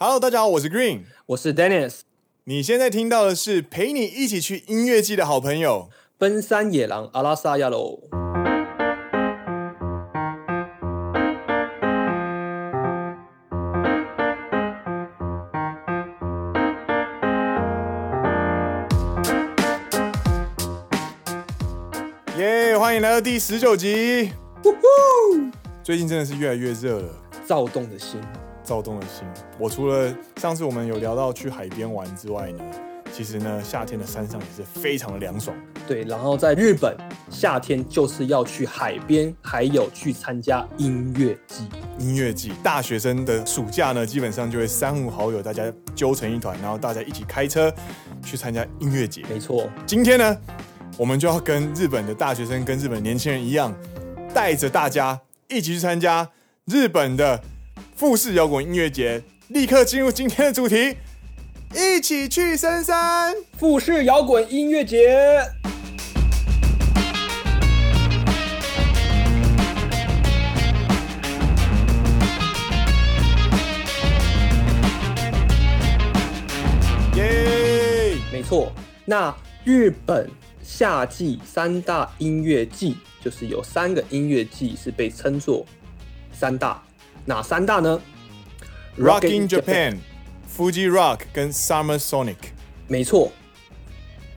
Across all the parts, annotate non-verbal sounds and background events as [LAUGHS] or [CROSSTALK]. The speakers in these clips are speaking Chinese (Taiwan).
Hello，大家好，我是 Green，我是 Dennis。你現在聽到的是陪你一起去音樂祭的好朋友——奔三野郎阿拉斯亞的耶，yeah，歡迎來到第十九集。呼呼最近真的是越來越熱了，躁動的心。躁動的心。我除了上次我們有聊到去海邊玩之外呢，其實呢，夏天的山上也是非常的涼爽。對，然後在日本，夏天就是要去海邊，還有去參加音樂祭。音樂祭，大學生的暑假呢，基本上就會三五好友大家揪成一團，然後大家一起開車去參加音樂節。沒錯，今天呢，我們就要跟日本的大學生跟日本年輕人一樣，帶着大家一起去參加日本的。富士搖滾音樂祭，立刻進入今天的主題，一起去深山。富士搖滾音樂祭，耶！沒錯，那日本夏季三大音樂祭，就是有三個音樂祭是被稱作三大？哪三大呢？Rock in Japan、 [MUSIC] Fuji Rock 跟 Summer Sonic。沒錯，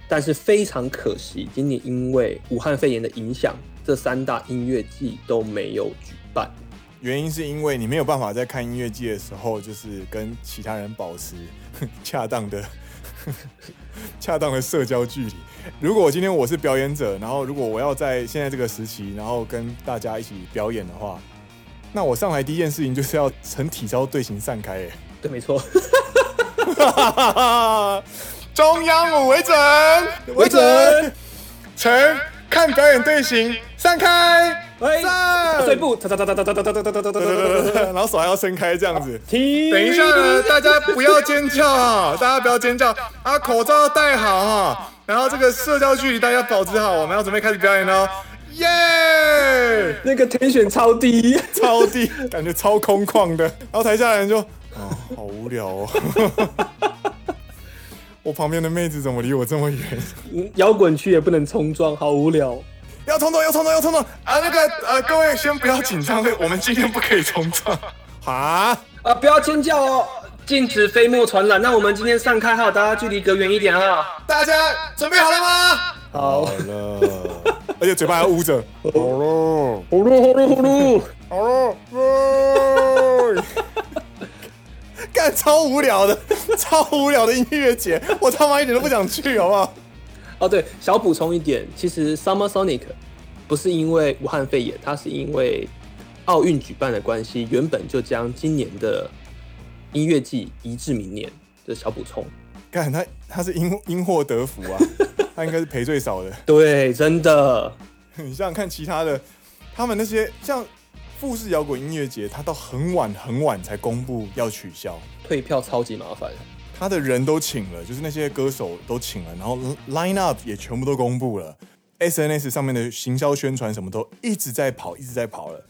但是非常可惜，今年因為武漢肺炎的影響，這三大音樂祭都沒有舉辦。原因是因為你沒有辦法在看音樂祭的時候，就是跟其他人保持恰當的、恰當的社交距離。如果今天我是表演者，然後如果我要在現在這個時期，然後跟大家一起表演的話，那我上台第一件事情就是要呈體操隊形散開誒，對，沒錯，中央五為準，為準，呈，看表演隊形散開，站，碎步，噠噠噠噠噠噠噠噠噠噠噠，然後手還要伸開這樣子，停，等一下呢，大家不要尖叫啊，大家不要尖叫，啊，口罩戴好哈，然後這個社交距離大家保持好，我們要準備開始表演嘍。耶！Yeah! 那個 tension 超低，超低， [LAUGHS] 感覺超空曠的。然後台下的人就：「哦，好無聊哦。」 [LAUGHS] [LAUGHS] 我旁邊的妹子怎麼離我這麼遠？搖滾區也不能衝撞，好無聊。要衝撞，要衝撞，要衝撞！啊，那個呃，各位先不要緊張，緊張對我們今天不可以衝撞啊！啊蛤、呃，不要尖叫哦，禁止飛沫傳染。那我們今天散開，好，大家距離隔遠一點啊！大家準備好了嗎？好了， [LAUGHS] 而且嘴巴還要捂着。好了，好嚕好嚕好嚕，好了，幹 [LAUGHS] [LAUGHS] 超無聊的，超無聊的音樂節，我他媽一點都不想去，好不好？哦，對，小補充一點，其實 Summer Sonic 不是因為武漢肺炎，它是因為奧運舉辦的關係，原本就將今年的音樂祭移至明年。這、就是、小補充，幹它，它是因因禍得福啊。 [LAUGHS] 他應該是賠最少的， [LAUGHS] 對，真的。你想想看，其他的，他們那些像富士搖滾音樂節，他到很晚很晚才公布要取消，退票超級麻煩。他的人都請了，就是那些歌手都請了，然後 line up 也全部都公布了，SNS 上面的行銷宣傳什麼都一直在跑，一直在跑了。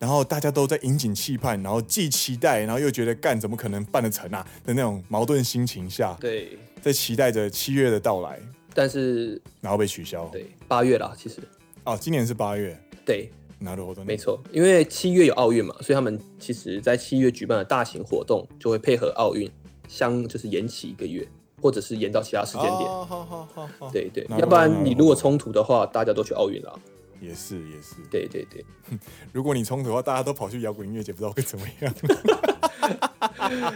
然後大家都在引頸期盼，然後既期待，然後又覺得幹怎麼可能辦得成啊的那種矛盾心情下，對，在期待着七月的到來。但是然後被取消，對，八月啦。其實。哦，今年是八月。對，哪的活動？沒錯，因為七月有奧運嘛，所以他們其實，在七月舉辦了大型活動就會配合奧運像，就是延期一個月，或者是延到其他時間點。好好好好。對對，要不然你如果衝突的話，大家都去奧運啦。也是也是。對對對，如果你衝突的話，大家都跑去搖滾音樂節，不知道會怎麼樣。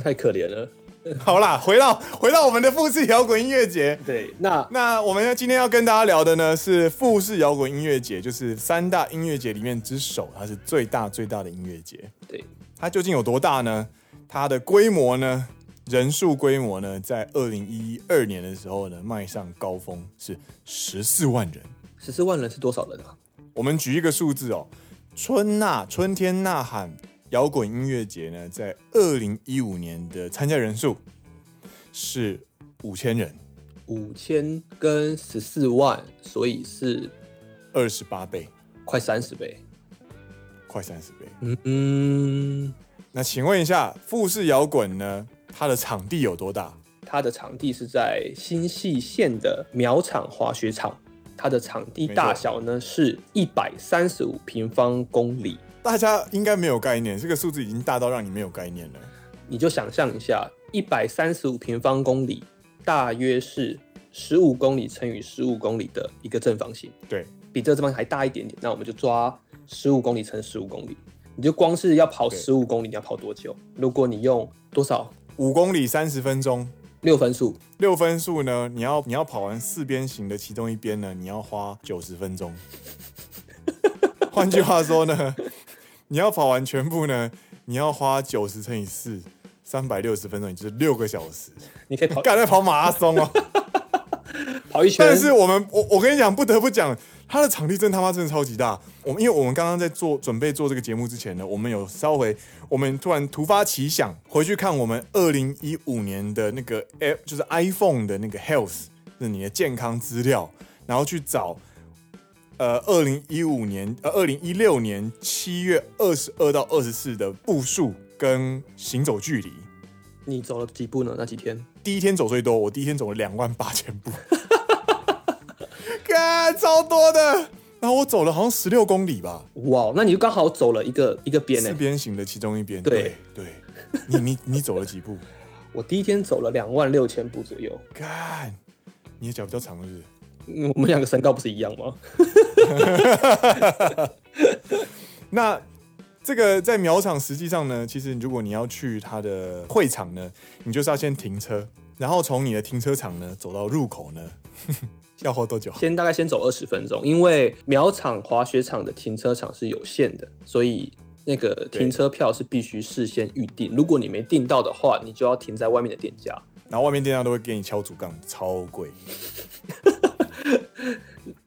太可憐了。 [LAUGHS] 好啦，回到回到我們的富士搖滾音樂節。對，那那我們今天要跟大家聊的呢，是富士搖滾音樂節，就是三大音樂節裡面之首，它是最大最大的音樂節。對，它究竟有多大呢？它的規模呢，人數規模呢，在二零一二年的時候呢，邁上高峰是十四萬人。十四萬人是多少人啊？我們舉一個數字哦，春吶、啊，春天吶喊，搖滾音樂節呢，在二零一五年的參加人數是五千人，五千跟十四萬，所以是二十八倍，快三十倍，快三十倍。嗯嗯。那請問一下，富士搖滾呢，它的場地有多大？它的場地是在新潟縣的苗場滑雪場，它的場地大小呢，沒錯，是一百三十五平方公里。嗯大家應該沒有概念，這個數字已經大到讓你沒有概念了。你就想象一下，一百三十五平方公里，大約是十五公里乘以十五公里的一個正方形。對，比這個正方形還大一點點。那我們就抓十五公里乘十五公里。你就光是要跑十五公里，對你要跑多久？如果你用多少？五公里三十分鐘。六分數，六分數呢？你要你要跑完四邊形的其中一邊呢？你要花九十分鐘。換 [LAUGHS] 句話說呢？ [LAUGHS] [LAUGHS] 你要跑完全部呢，你要花九十乘以四，三百六十分鐘，也就是六個小時。你可以跑，幹在跑馬拉松哦、啊， [LAUGHS] 跑一圈拳。但是我們，我我跟你講，不得不講，他的場地真的他媽真的超級大。我們因為我們剛剛在做準備做這個節目之前呢，我們有稍微，我們突然突發奇想，回去看我們二零一五年的那個，就是 iPhone 的那個 Health，就是你的健康資料，然後去找。呃，二零一五年呃，二零一六年七月二十二到二十四的步數跟行走距離，你走了幾步呢？那幾天？第一天走最多，我第一天走了兩萬八千步，幹， [LAUGHS] 超多的。然後我走了好像十六公里吧。哇，wow, 那你就剛好走了一個一個邊誒，四邊形的其中一邊。對對，對，你你你走了幾步？ [LAUGHS] 我第一天走了兩萬六千步左右。幹，你的腳比較長，是不是？我們兩個身高不是一樣嗎？ [LAUGHS] [LAUGHS] 那這個在苗場實際上呢，其實如果你要去它的會場呢，你就是要先停車，然後從你的停車場呢走到入口呢， [LAUGHS] 要花多久？先大概先走二十分鐘，因為苗場滑雪場的停車場是有限的，所以那個停車票是必須事先預定。對如果你沒訂到的話，你就要停在外面的店家，然後外面店家都會給你敲竹槓，超貴。 [LAUGHS]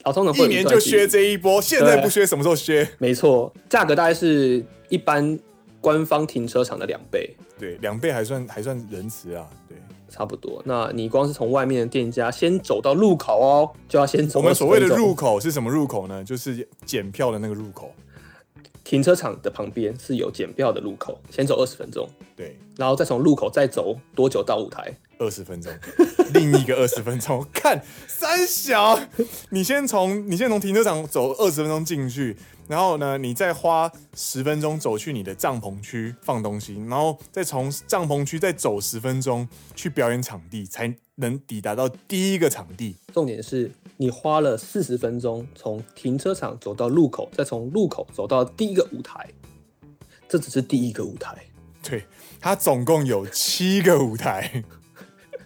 普通一年就削這一波，現在不削，什麼時候削？沒錯，價格大概是一般官方停車場的兩倍。對，兩倍還算還算仁慈啊。對，差不多。那你光是從外面的店家先走到入口哦，就要先走。我們所謂的入口是什麼入口呢？就是檢票的那個入口，停車場的旁邊是有檢票的入口。先走二十分鐘，對，然後再從入口再走多久到舞台？二十分鐘，另一個二十分鐘。看 [LAUGHS] 三小，你先從你先從停車場走二十分鐘進去，然後呢，你再花十分鐘走去你的帳篷區放東西，然後再從帳篷區再走十分鐘去表演場地，才能抵達到第一個場地。重點是你花了四十分鐘從停車場走到路口，再從路口走到第一個舞台，這只是第一個舞台。對，它總共有七個舞台。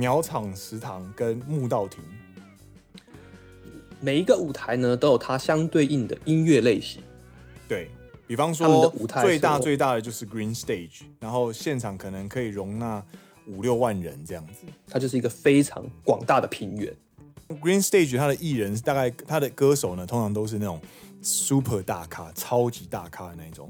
鳥場食堂跟木道亭，每一個舞台呢，都有它相對應的音樂類型。對，比方說，最大最大的就是 Green Stage，我然後現場可能可以容納五六萬人這樣子，它就是一個非常廣大的平原。Green Stage 它的藝人大概它的歌手呢，通常都是那種 super 大咖、超級大咖的那種，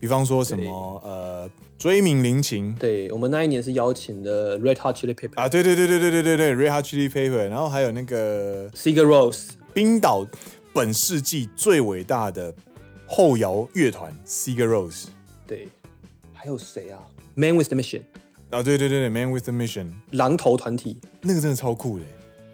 比方說什麼對呃。追名凌情，對，我們那一年是邀請的 Red Hot Chili Peppers 啊，對對對對對，對，對 Red Hot Chili Peppers，然後還有那個 Sigur Ros e 冰島本世紀最偉大的後搖樂團 Sigur Ros，對，還有誰啊？Man with the Mission 啊，對對對，對，Man with the Mission 狼頭團體，那個真的超酷的，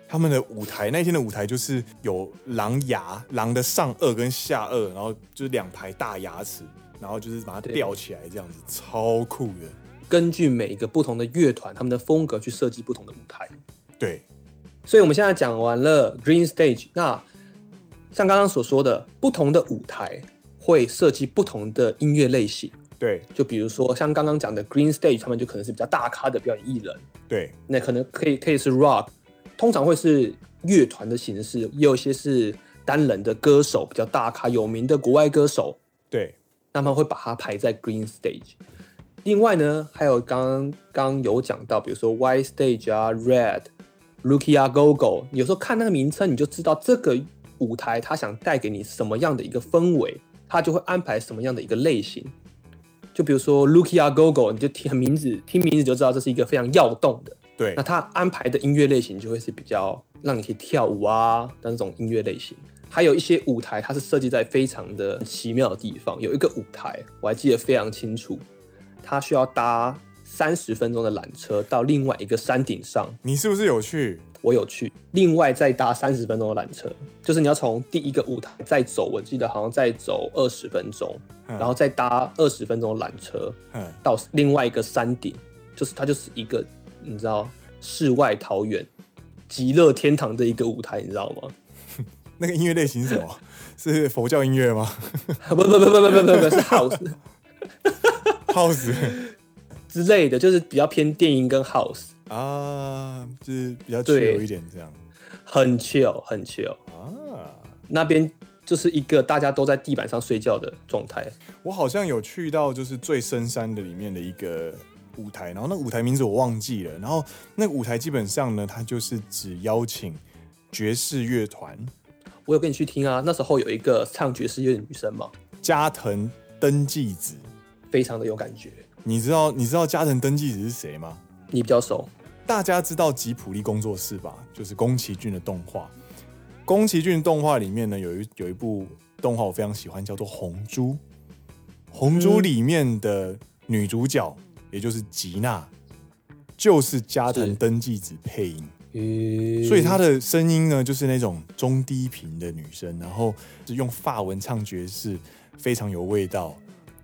他們的舞台，那一天的舞台就是有狼牙，狼的上顎跟下顎，然後就是兩排大牙齒。然後就是把它吊起來，這樣子對超酷的。根據每一個不同的樂團，他們的風格去設計不同的舞台。對，所以我們現在講完了 Green Stage。那像剛剛所說的，不同的舞台會設計不同的音樂類型。對，就比如說像剛剛講的 Green Stage，他們就可能是比較大咖的表演藝人。對，那可能可以可以是 Rock，通常會是樂團的形式，也有些是單人的歌手，比較大咖、有名的國外歌手。對。那麼會把它排在 Green Stage。另外呢，還有剛剛有講到，比如說 White Stage 啊，Red，Rookie A Go-Go。Red, 啊、Go Go, 有時候看那個名稱，你就知道這個舞台它想帶給你什麼樣的一個氛圍，它就會安排什麼樣的一個類型。就比如說 Rookie A Go-Go，你就聽名字，聽名字就知道這是一個非常躍動的。對，那它安排的音樂類型就會是比較讓你可以跳舞啊的這種音樂類型。還有一些舞台，它是設計在非常的奇妙的地方。有一個舞台，我還記得非常清楚，它需要搭三十分鐘的纜車到另外一個山頂上。你是不是有去？我有去。另外再搭三十分鐘的纜車，就是你要從第一個舞台再走，我記得好像再走二十分鐘，然後再搭二十分鐘的纜車，到另外一個山頂，就是它就是一個你知道世外桃源、極樂天堂的一個舞台，你知道嗎？那個音樂類型是什麼？ [LAUGHS] 是佛教音樂嗎？不 [LAUGHS] 不不不不不不，是 house，house 之類的，就是比較偏電音跟 house 啊，就是比較 chill 一點這樣，很 chill，很 chill 啊。那邊就是一個大家都在地板上睡覺的狀態。我好像有去到就是最深山的裡面的一個舞台，然後那個舞台名字我忘記了，然後那個舞台基本上呢，它就是只邀請爵士樂團。我有跟你去聽啊，那時候有一個唱爵士樂的女生嘛，加藤登紀子，非常的有感覺。你知道你知道加藤登紀子是誰嗎？你比較熟？大家知道吉普力工作室吧？就是宮崎駿的動畫。宮崎駿動畫裡面呢，有一有一部動畫我非常喜歡，叫做《紅豬》。紅豬裡面的女主角，是也就是吉娜，就是加藤登紀子配音。所以她的聲音呢，就是那種中低頻的女聲，然後是用法文唱爵士，非常有味道。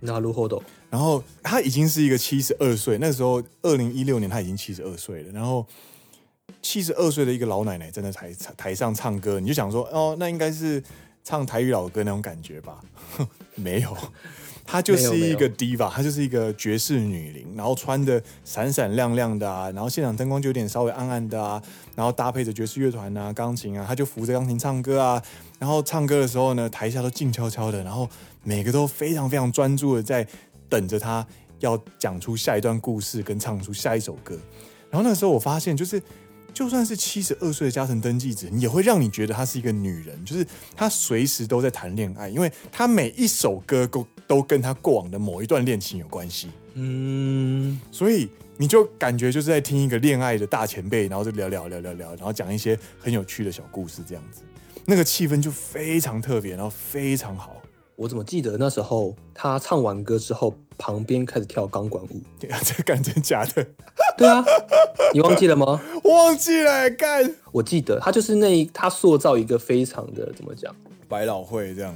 那如何的？然後她已經是一個七十二歲，那時候二零一六年她已經七十二歲了。然後七十二歲的一個老奶奶站在，真的台台上唱歌，你就想說，哦，那應該是唱台語老歌那種感覺吧？沒有。她就是一個 diva，她就是一個爵士女伶，然後穿的閃閃亮亮的啊，然後現場燈光就有點稍微暗暗的啊，然後搭配着爵士樂團啊、鋼琴啊，她就扶着鋼琴唱歌啊。然後唱歌的時候呢，台下都靜悄悄的，然後每個都非常非常專注的在等着她要講出下一段故事跟唱出下一首歌。然後那個時候我發現，就是就算是七十二歲的加藤登紀子，你也會讓你覺得她是一個女人，就是她隨時都在談戀愛，因為她每一首歌夠。都跟他過往的某一段戀情有關係，嗯，所以你就感覺就是在聽一個戀愛的大前輩，然後就聊聊聊聊聊，然後講一些很有趣的小故事，這樣子，那個氣氛就非常特別，然後非常好。我怎麼記得那時候他唱完歌之後，旁邊開始跳鋼管舞？對啊，這感覺假的？對啊，你忘記了嗎？忘記了？幹，我記得他就是那一他塑造一個非常的怎麼講，百老匯這樣。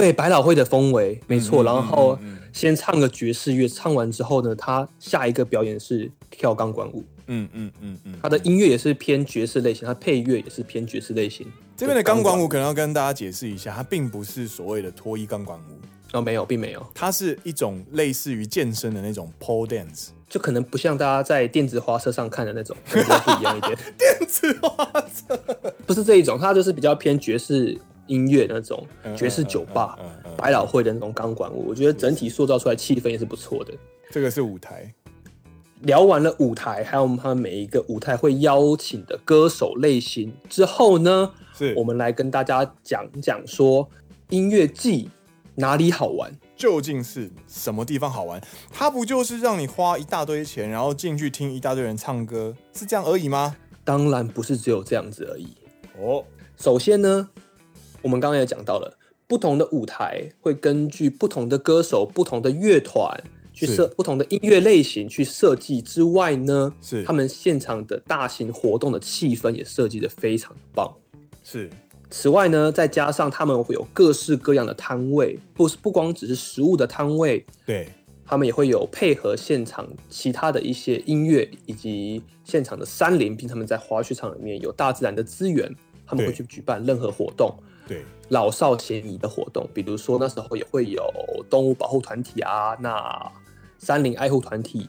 對，百老匯的氛圍沒錯。嗯嗯嗯嗯、然後先唱個爵士樂，唱完之後呢，他下一個表演是跳鋼管舞。嗯嗯嗯嗯，他、嗯嗯嗯、的音樂也是偏爵士類型，他配樂也是偏爵士類型。這邊的鋼管舞可能要跟大家解釋一下，它並不是所謂的脫衣鋼管舞。哦，沒有，並沒有。它是一種類似於健身的那種 pole dance，就可能不像大家在電子花車上看的那種，有點 [LAUGHS] 電子磁花車， [LAUGHS] 不是這一種，它就是比較偏爵士。音樂那種爵士酒吧，百老匯的那種鋼管舞，我覺得整體塑造出來氣氛也是不錯的。這，這個是舞台。聊完了舞台，還有我們他每一個舞台會邀請的歌手類型之後呢，是我們來跟大家講講說音樂祭哪裡好玩，究竟是什麼地方好玩？它不就是讓你花一大堆錢，然後進去聽一大堆人唱歌，是這樣而已嗎？當然不是只有這樣子而已。哦，首先呢。我們剛剛也講到了，不同的舞台會根據不同的歌手、不同的樂團去設不同的音樂類型去設計，之外呢，是他們現場的大型活動的氣氛也設計得非常棒。是此外呢，再加上他們會有各式各樣的攤位，不是不光只是食物的攤位，對，他們也會有配合現場其他的一些音樂，以及現場的山林，並且他們在滑雪場裡面有大自然的資源，他們會去舉辦任何活動。對老少咸宜的活動，比如說那時候也會有動物保護團體啊，那山林愛護團體，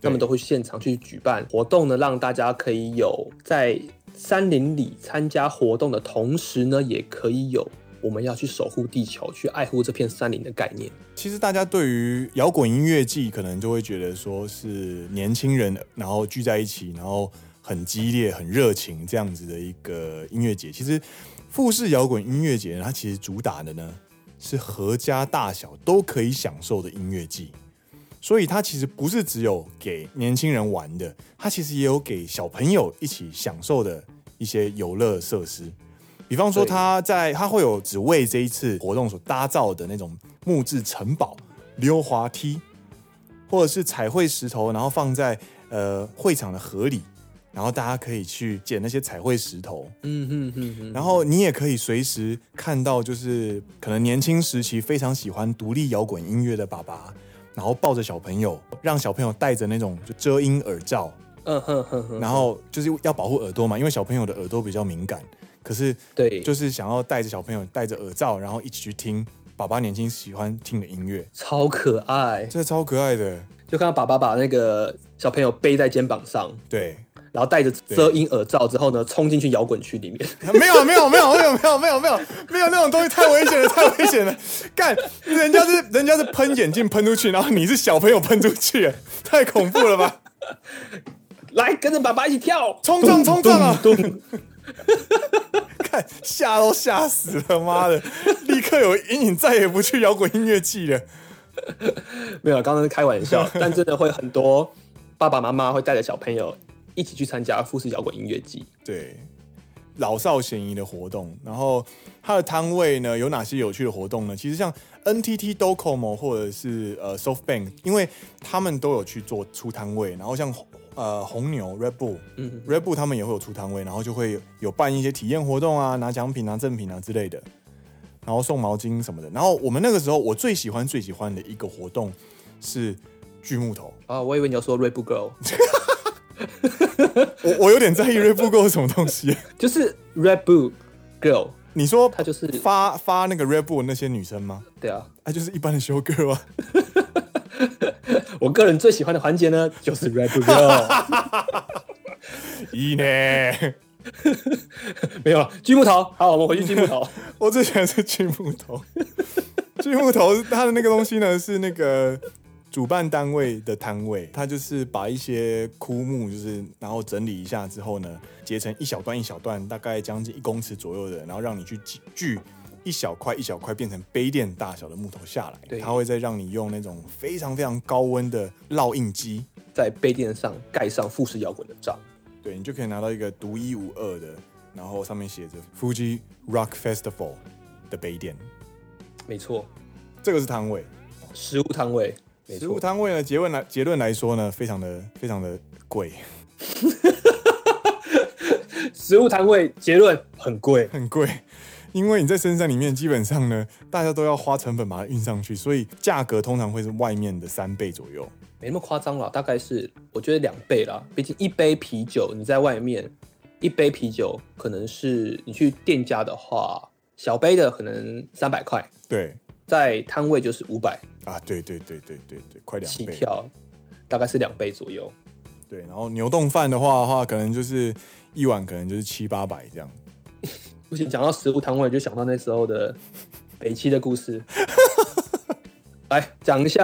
他們對都會現場去舉辦活動呢，讓大家可以有在山林裡參加活動的同時呢，也可以有我們要去守護地球、去愛護這片山林的概念。其實大家對於搖滾音樂祭可能就會覺得說是年輕人，然後聚在一起，然後很激烈、很熱情這樣子的一個音樂節。其實。富士搖滾音樂節呢，它其實主打的呢是合家大小都可以享受的音樂祭，所以它其實不是只有給年輕人玩的，它其實也有給小朋友一起享受的一些遊樂設施，比方說它在它對會有只為這一次活動所打造的那種木質城堡、溜滑梯，或者是彩繪石頭，然後放在呃會場的河裡。然後大家可以去撿那些彩繪石頭，嗯哼哼哼，哼。然後你也可以隨時看到，就是可能年輕時期非常喜歡獨立搖滾音樂的爸爸，然後抱着小朋友，讓小朋友戴着那種遮音耳罩，嗯哼哼哼，哼，哼。然後就是要保護耳朵嘛，因為小朋友的耳朵比較敏感。可是對，就是想要帶着小朋友戴着耳罩，然後一起去聽爸爸年輕喜歡聽的音樂，超可愛，這超可愛的。就看到爸爸把那個小朋友背在肩膀上，對。然後戴着遮音耳罩之後呢，對衝進去搖滾區裡面。沒有、啊、沒有沒有沒有沒有沒有沒有沒有那種東西太危險了，太危險了！幹，人家是人家是噴眼鏡噴出去，然後你是小朋友噴出去，太恐怖了吧！來跟着爸爸一起跳，衝撞衝撞啊！看嚇都嚇死了，媽的！立刻有陰影，再也不去搖滾音樂祭了。沒有，剛剛是開玩笑，嗯、但真的會很多爸爸媽媽會帶着小朋友。一起去參加富士搖滾音樂祭，對，老少咸宜的活動。然後他的攤位呢有哪些有趣的活動呢？其實像 NTT Docomo 或者是呃 SoftBank，因為他們都有去做出攤位。然後像呃紅牛 Red Bull，嗯嗯嗯、Red Bull 他們也會有出攤位，然後就會有辦一些體驗活動啊，拿獎品拿贈品啊之類的，然後送毛巾什麼的。然後我們那個時候我最喜歡、最喜歡的一個活動是鋸木頭啊，我以為你要說 Red Bull Girl。 [LAUGHS] [LAUGHS] 我，我有點在意 Red Bull Girl 是什麼東西。啊，就是 Red Bull Girl，就是。你說她就是發發那個 Red Bull 那些女生嗎？對啊，她，啊，就是一般的 show girl 啊。 [LAUGHS] 我個人最喜歡的環節呢，就是 Red Bull Girl。一呢，沒有了鋸木頭。好，我們回去鋸木頭。 [LAUGHS] 我最喜歡的是鋸木頭。鋸 [LAUGHS] 木頭它的那個東西呢，是那個。主辦單位的攤位，他就是把一些枯木，就是然後整理一下之後呢，截成一小段一小段，大概將近一公尺左右的，然後讓你去鋸一小塊一小塊變成杯墊大小的木頭下來。對它他會再讓你用那種非常非常高溫的烙印機在杯墊上蓋上富士搖滾的章。對，你就可以拿到一個獨一無二的，然後上面寫着 “Fuji Rock Festival” 的杯墊。沒錯錯，這個是攤位，食物攤位。食物攤位呢？錯結論來，結論來說呢，非常的非常的貴。 [LAUGHS] 食物攤位結論很貴，很貴，因為你在深山裡面，基本上呢，大家都要花成本把它運上去，所以價格通常會是外面的三倍左右，沒那麼誇張啦，大概是我覺得兩倍啦。畢竟一杯啤酒你在外面，一杯啤酒可能是你去店家的話，小杯的可能三百塊。對。在攤位就是五百啊，對對對對對對，快兩倍，起跳，大概是兩倍左右。對，然後牛丼飯的話的話，可能就是一碗，可能就是七八百這樣。 [LAUGHS] 不行，講到食物攤位，就想到那時候的北七的故事。 [LAUGHS] 來講一下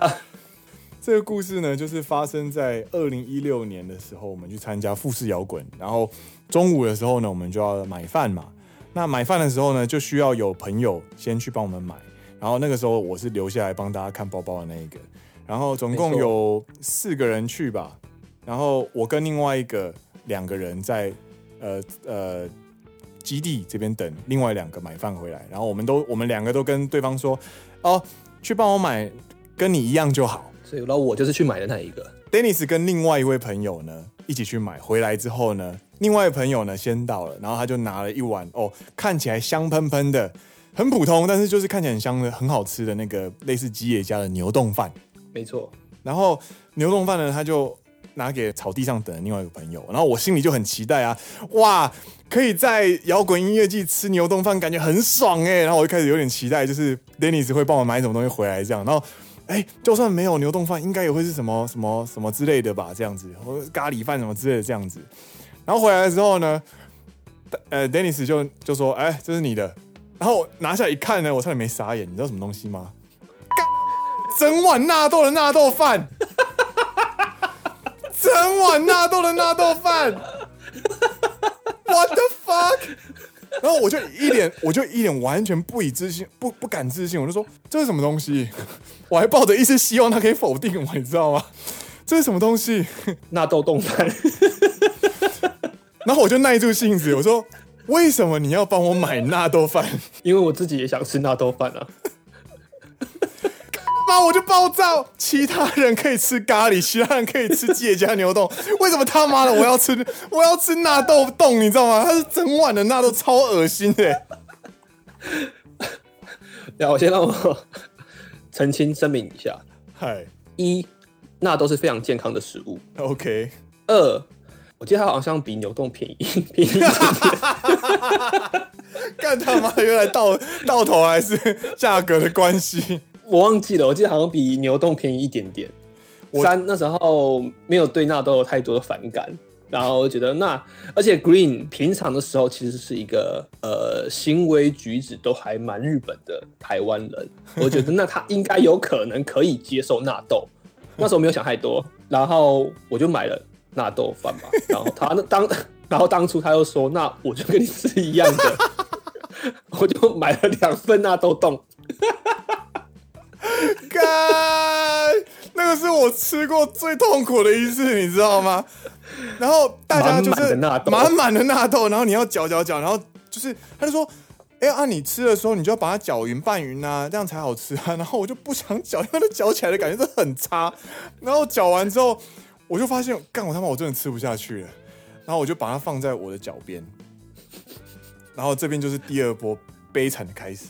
這個故事呢，就是發生在二零一六年的時候，我們去參加富士搖滾，然後中午的時候呢，我們就要買飯嘛。那買飯的時候呢，就需要有朋友先去幫我們買。然後那個時候我是留下來幫大家看包包的那一個，然後總共有四個人去吧，沒錯。然後我跟另外一個兩個人在呃呃基地這邊等另外兩個買飯回來，然後我們都我們兩個都跟對方說哦去幫我買跟你一樣就好，所以然後我就是去買的那一個。Dennis 跟另外一位朋友呢一起去買，回來之後呢，另外一位朋友呢先到了，然後他就拿了一碗哦看起來香噴噴的。很普通，但是就是看起來很香的、很好吃的那個類似吉野家的牛丼飯。沒錯錯，然後牛丼飯呢，他就拿給草地上等另外一個朋友。然後我心裡就很期待啊，哇，可以在搖滾音樂祭吃牛丼飯，感覺很爽誒、欸。然後我就開始有點期待，就是 Dennis 會幫我買什麼東西回來這樣。然後，哎、欸，就算沒有牛丼飯，應該也會是什麼什麼什麼之類的吧？這樣子，或者咖喱飯什麼之類的這樣子。然後回來的時候呢，呃，Dennis 就就說：“哎、欸，這是你的。”然後拿下來一看呢，我差點沒傻眼。你知道什麼東西嗎？整碗納豆的納豆飯， [LAUGHS] 整碗納豆的納豆飯 [LAUGHS] ，what the fuck？然後我就一臉，我就一臉完全不以置信，不不敢置信，我就說這是什麼東西？我還抱着一絲希望他可以否定我，你知道嗎？這是什麼東西？納豆凍飯。 [LAUGHS] 然後我就耐住性子，我說。為什麼你要幫我買納豆飯？因為我自己也想吃納豆飯啊！幹嘛，我就爆炸！其他人可以吃咖喱，其他人可以吃芥末牛丼。為什麼他媽的我要吃 [LAUGHS] 我要吃納豆丼？你知道嗎？它是整碗的納豆，超噁心的、欸！我先讓我澄清聲明一下，嗨 Hi，一，納豆是非常健康的食物。OK，二。我記得它好像比牛丼便宜，幹 [LAUGHS] 他媽的！原來到到頭還是價格的關係。我忘記了，我記得好像比牛丼便宜一點點。三我 那時候沒有對納豆有太多的反感，然後我覺得那而且 Green 平常的時候其實是一個呃行為舉止都還蠻日本的台灣人，我覺得那他應該有可能可以接受納豆。那時候沒有想太多，然後我就買了。納豆飯嘛，然後他那當，然後當初他又說，那我就跟你吃一樣的， [LAUGHS] [LAUGHS] 我就買了兩份納豆凍 [LAUGHS] 。幹那個是我吃過最痛苦的一次，你知道嗎？然後大家就是滿滿的納豆，滿滿的納豆，然後你要攪攪攪，然後就是他就說、欸，哎啊，你吃的時候你就要把它攪勻拌勻啊，這樣才好吃啊。然後我就不想攪，因為它攪起來的感覺是很差。然後攪完之後。我就發現，幹我他媽，我真的吃不下去了。然後我就把它放在我的腳邊，然後這邊就是第二波悲慘的開始。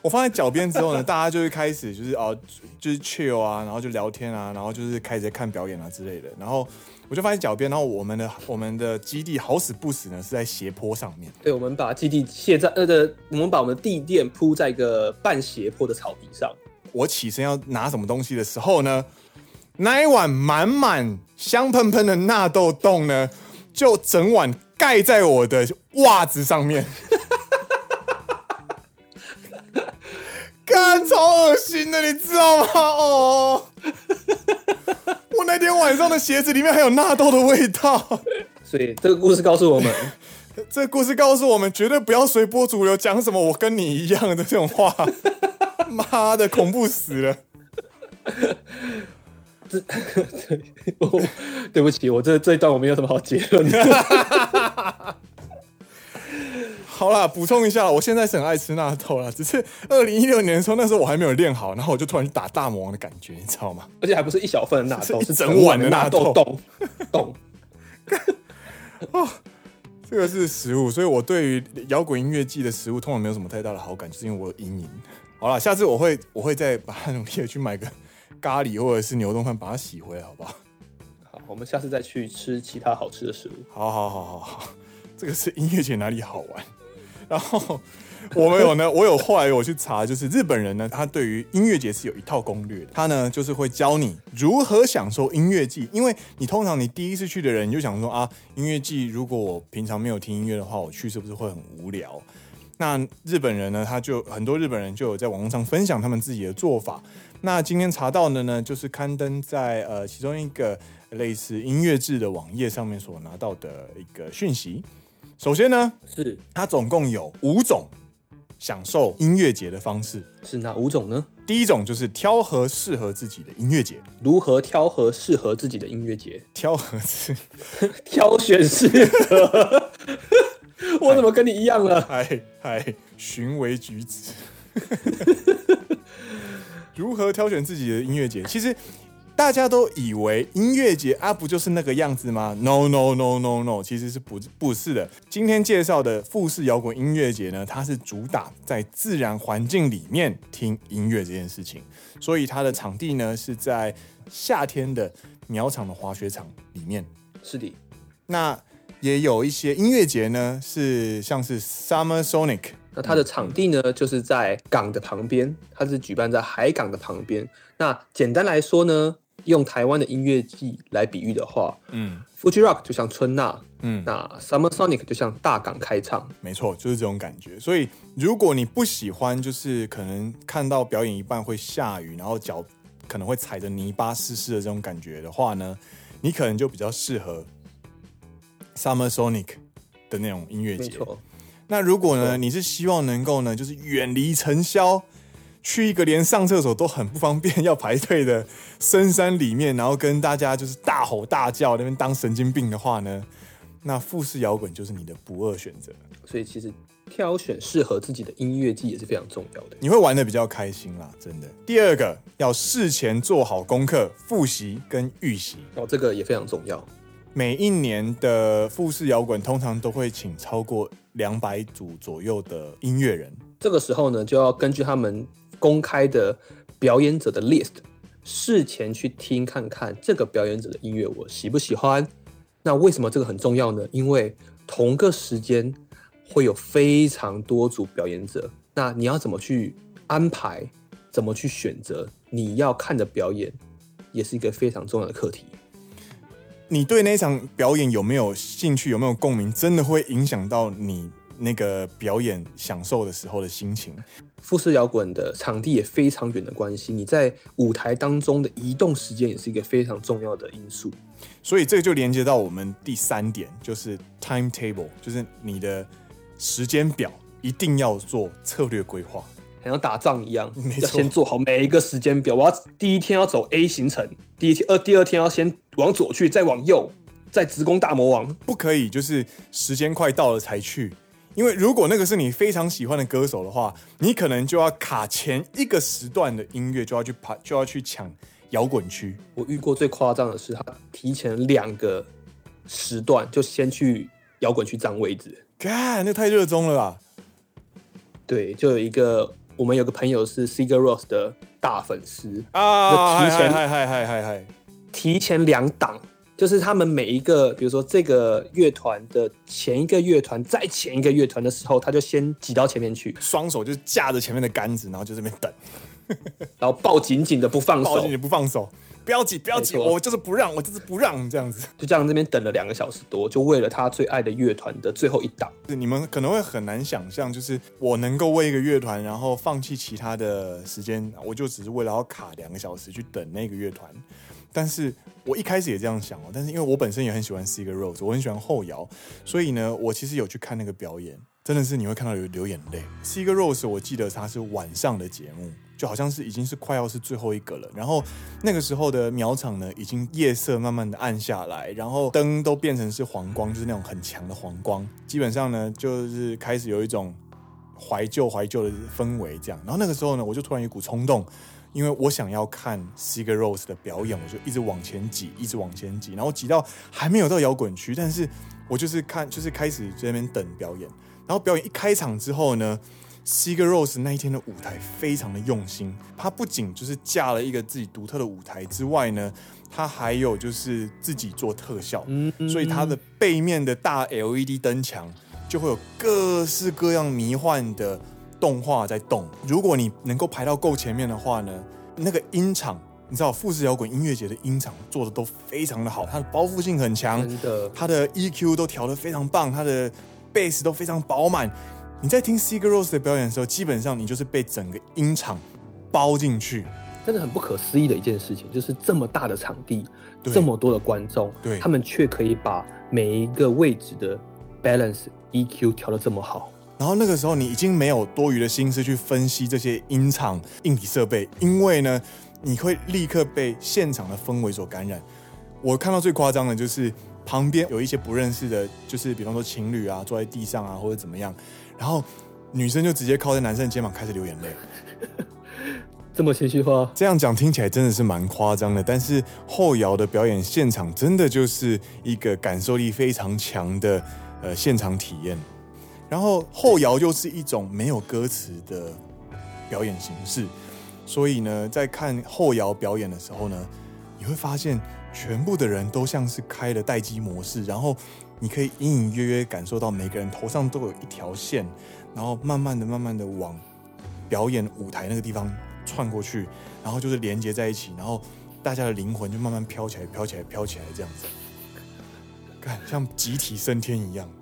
我放在腳邊之後呢， [LAUGHS] 大家就會開始就是啊，就是 chill 啊，然後就聊天啊，然後就是開始在看表演啊之類的。然後我就發現腳邊，然後我們的我們的基地好死不死呢是在斜坡上面。對，我們把基地卸在呃的、那個，我們把我們的地墊鋪在一個半斜坡的草地上。我起身要拿什麼東西的時候呢？那一碗滿滿香噴噴的納豆丼呢，就整碗蓋在我的襪子上面看， [LAUGHS] 超噁心的，你知道嗎哦 [LAUGHS] 我那天晚上的鞋子裡面還有納豆的味道，所以這個故事告訴我們 [LAUGHS] 這個故事告訴我們，絕對不要隨波逐流講什麼我跟你一樣的這種話。 [LAUGHS] 媽的恐怖死了 [LAUGHS] 對，對不起，我這這一段我沒有什麼好結論的。 [LAUGHS] [LAUGHS] 好啦，補充一下，我現在是很愛吃納豆啦，只是二零一六年的時候，那時候我還沒有練好，然後我就突然打大魔王的感覺，你知道嗎？而且還不是一小份納豆，是整碗的納豆。懂？懂？ [LAUGHS] 洞 [LAUGHS] 哦，這個是食物，所以我對於搖滾音樂祭的食物通常沒有什麼太大的好感，就是因為我有陰影。好了，下次我會，我會再把那種錢去買個。咖喱或者是牛丼飯，把它洗回來，好不好？好，我們下次再去吃其他好吃的食物。好，好，好，好，好，這個是音樂節哪裡好玩？嗯、然後我們有呢， [LAUGHS] 我有後來我去查，就是日本人呢，他對於音樂節是有一套攻略的，他呢就是會教你如何享受音樂祭。因為你通常你第一次去的人，你就想說啊，音樂祭如果我平常沒有聽音樂的話，我去是不是會很無聊？那日本人呢，他就很多日本人就有在網絡上分享他們自己的做法。那今天查到的呢，就是刊登在呃其中一個類似音樂誌的網頁上面所拿到的一個訊息。首先呢，是它總共有五種享受音樂節的方式，是哪五種呢？第一種就是挑合適合自己的音樂節，如何挑合適合自己的音樂節？挑合是 [LAUGHS] 挑選適適合， [LAUGHS] [LAUGHS] 我怎麼跟你一樣了？還還行為舉止。如何挑選自己的音樂節？其實大家都以為音樂節啊，不就是那個樣子嗎 no,？No No No No No，其實是不不是的。今天介紹的富士搖滾音樂節呢，它是主打在自然環境裡面聽音樂這件事情，所以它的場地呢是在夏天的苗場的滑雪場裡面。是的，那也有一些音樂節呢，是像是 Summer Sonic。那它的場地呢，嗯嗯、就是在港的旁邊，它是舉辦在海港的旁邊。那簡單來說呢，用台灣的音樂祭來比喻的話，嗯，Fuji Rock 就像春吶，嗯，那 Summer Sonic 就像大港開唱，沒錯，就是這種感覺。所以，如果你不喜歡就是可能看到表演一半會下雨，然後腳可能會踩着泥巴濕濕的這種感覺的話呢，你可能就比較適合 Summer Sonic 的那種音樂節。沒錯那如果呢，你是希望能夠呢，就是遠離塵囂，去一個連上廁所都很不方便，要排隊的深山裡面，然後跟大家就是大吼大叫那邊當神經病的話呢，那富士搖滾就是你的不二選擇。所以其實挑選適合自己的音樂祭也是非常重要的，你會玩得比較開心啦，真的。第二個要事前做好功課，複習跟預習哦，這個也非常重要。每一年的富士搖滾通常都會請超過兩百組左右的音樂人，這個時候呢，就要根據他們公開的表演者的 list，事前去聽看看這個表演者的音樂我喜不喜歡。那為什麼這個很重要呢？因為同個時間會有非常多組表演者，那你要怎麼去安排，怎麼去選擇你要看的表演，也是一個非常重要的課題。你對那一場表演有沒有興趣？有沒有共鳴？真的會影響到你那個表演享受的時候的心情。富士搖滾的場地也非常遠的關係，你在舞台當中的移動時間也是一個非常重要的因素。所以這個就連接到我們第三點，就是 timetable，就是你的時間表一定要做策略規劃。像打仗一樣，沒錯，要先做好每一個時間表。我要第一天要走 A 行程，第一天呃第二天要先往左去，再往右，再直攻大魔王。不可以，就是時間快到了才去，因為如果那個是你非常喜歡的歌手的話，你可能就要卡前一個時段的音樂，就要去排，就要去搶搖滾區。我遇過最誇張的是，他提前兩個時段就先去搖滾區占位置。幹，那太熱衷了啦。對，就有一個。我們有個朋友是 Sigur Rós 的大粉絲啊，oh, 提前、提前兩檔，就是他們每一個，比如說這個樂團的前一個樂團、再前一個樂團的時候，他就先擠到前面去，雙手就架着前面的桿子，然後就這邊等， [LAUGHS] 然後抱緊緊的不放手，抱緊緊不放手。不要急，不要急，錯我就是不讓我就是不讓這樣子，就這樣這邊等了兩個小時多，就為了他最愛的樂團的最後一檔。你們可能會很難想象，就是我能夠為一個樂團，然後放棄其他的時間，我就只是為了要卡兩個小時去等那個樂團。但是我一開始也這樣想哦，但是因為我本身也很喜歡 Sigur Rós，我很喜歡後搖，所以呢，我其實有去看那個表演，真的是你會看到有流眼淚。Sigur Rós，我記得它是晚上的節目。就好像是已經是快要是最後一個了，然後那個時候的苗場呢，已經夜色慢慢的暗下來，然後燈都變成是黃光，就是那種很強的黃光，基本上呢就是開始有一種懷舊懷舊的氛圍這樣。然後那個時候呢，我就突然一股衝動，因為我想要看 Cigarettes 的表演，我就一直往前擠，一直往前擠，然後擠到還沒有到搖滾區，但是我就是看，就是開始在那邊等表演。然後表演一開場之後呢。Sigur Rós 那一天的舞台非常的用心，他不僅就是架了一個自己獨特的舞台之外呢，他還有就是自己做特效，所以它的背面的大 LED 燈牆就會有各式各樣迷幻的動畫在動。如果你能夠排到夠前面的話呢，那個音場，你知道富士搖滾音樂節的音場做的都非常的好，它的包覆性很強，它的 EQ 都調得非常棒，它的 bass 都非常飽滿。你在聽 Sigur Rós 的表演的時候，基本上你就是被整個音場包進去，真的很不可思議的一件事情，就是這麼大的場地，對這麼多的觀眾，對，他們卻可以把每一個位置的 balance EQ 調得這麼好。然後那個時候，你已經沒有多餘的心思去分析這些音場硬體設備，因為呢，你會立刻被現場的氛圍所感染。我看到最誇張的就是旁邊有一些不認識的，就是比方說情侶啊，坐在地上啊，或者怎麼樣。然後女生就直接靠在男生肩膀開始流眼淚，這麼情緒化。這樣講聽起來真的是蠻誇張的，但是後搖的表演現場真的就是一個感受力非常強的呃現場體驗。然後後搖又是一種沒有歌詞的表演形式，所以呢，在看後搖表演的時候呢，你會發現全部的人都像是開了待機模式，然後。你可以隱隱約約感受到每個人頭上都有一條線，然後慢慢的、慢慢的往表演舞台那個地方竄過去，然後就是連接在一起，然後大家的靈魂就慢慢飄起來、飄起來、飄起來，這樣子，看像集體升天一樣。 [LAUGHS]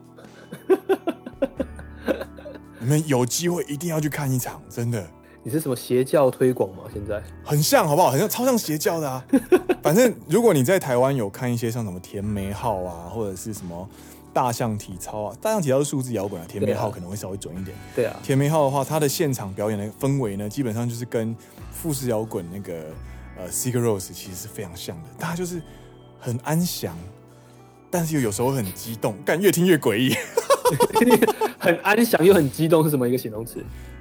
你們有機會一定要去看一場，真的。你是什麼邪教推廣嗎？現在？很像，好不好？很像，超像邪教的啊。 [LAUGHS] [LAUGHS] 反正如果你在台灣有看一些像什麼甜梅號啊，或者是什麼大象體操啊，大象體操是數字搖滾啊，甜梅號可能會稍微準一點。對啊，對啊，甜梅號的話，它的現場表演的氛圍呢，基本上就是跟富士搖滾那個呃 Sigur Rós 其實是非常像的，大家就是很安詳。但是又有時候很激動，但越聽越詭異， [LAUGHS] [LAUGHS] 很安詳又很激動，是什麼一個形容詞？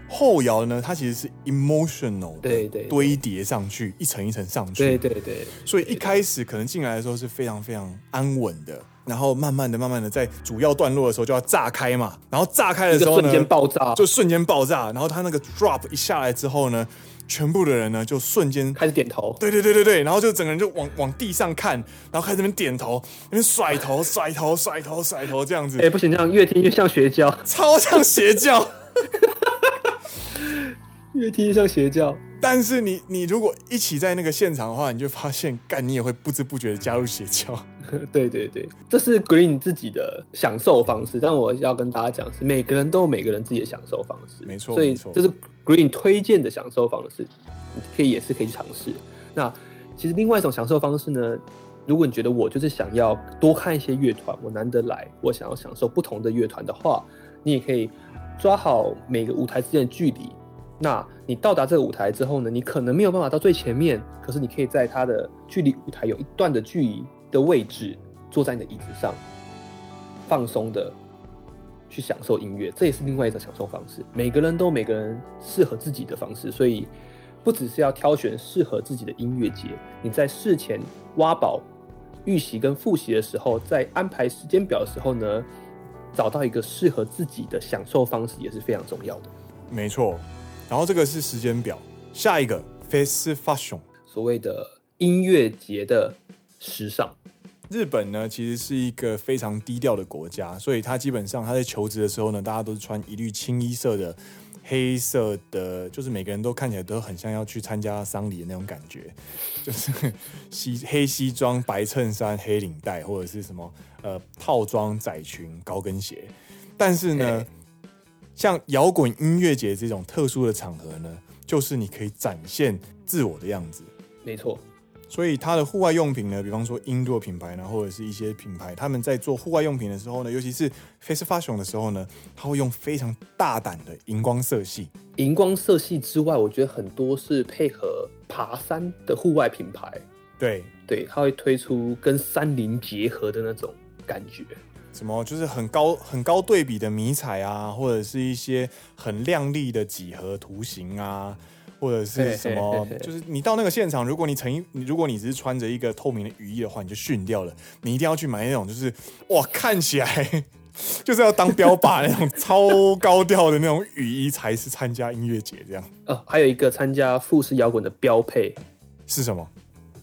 後搖呢？它其實是 emotional 對對、對、對堆疊上去，一層一層上去，對、對對對。所以一開始可能進來的時候是非常非常安穩的，然後慢慢的、慢慢的在主要段落的時候就要炸開嘛，然後炸開的時候瞬間爆炸，就瞬間爆炸，然後它那個 drop 一下來之後呢？全部的人呢，就瞬間開始點頭。對對對對對，然後就整個人就往往地上看，然後開始那邊點頭，那邊甩頭甩頭 [LAUGHS] 甩頭，甩頭,甩頭，甩頭這樣子。哎、欸，不行，這樣越聽越像邪教，超像邪教，越聽越像邪教。但是你你如果一起在那個現場的話，你就發現，幹你也會不知不覺的加入邪教。對對對，這是 Green 自己的享受方式，但我要跟大家講是，每個人都有每個人自己的享受方式，沒錯，所以沒錯就是。Green 推薦的享受方式，可以也是可以去嘗試。那其實另外一種享受方式呢，如果你覺得我就是想要多看一些樂團，我難得來，我想要享受不同的樂團的話，你也可以抓好每個舞台之間的距離。那你到達這個舞台之後呢，你可能沒有辦法到最前面，可是你可以在它的距離舞台有一段的距離的位置，坐在你的椅子上，放鬆的，去享受音樂，這也是另外一種享受方式。每個人都每個人適合自己的方式，所以不只是要挑選適合自己的音樂節。你在事前挖寶、預習跟複習的時候，在安排時間表的時候呢，找到一個適合自己的享受方式也是非常重要的。沒錯，然後這個是時間表。下一個，face fashion，所謂的音樂節的時尚。日本呢，其實是一個非常低調的國家，所以它基本上，它在求職的時候呢，大家都是穿一律清一色的黑色的，就是每個人都看起來都很像要去參加喪禮的那種感覺，就是西黑西裝、白襯衫、黑領帶，或者是什麼呃套裝、窄裙、高跟鞋。但是呢，欸、像搖滾音樂節這種特殊的場合呢，就是你可以展現自我的樣子。沒錯。所以它的戶外用品呢，比方說印度品牌呢，或者是一些品牌，他們在做戶外用品的時候呢，尤其是 face fashion 的時候呢，他會用非常大膽的熒光色系。熒光色系之外，我覺得很多是配合爬山的戶外品牌。對對，他會推出跟山林結合的那種感覺。什麼？就是很高很高對比的迷彩啊，或者是一些很亮麗的幾何圖形啊。或者是什麼？Hey, hey, hey, hey. 就是你到那個現場，如果你成，你如果你只是穿着一個透明的雨衣的話，你就遜掉了。你一定要去買那種，就是哇，看起來 [LAUGHS] 就是要當標靶那種超高調的那種雨衣，才是參加音樂節這樣。哦、呃，還有一個參加富士搖滾的標配是什麼？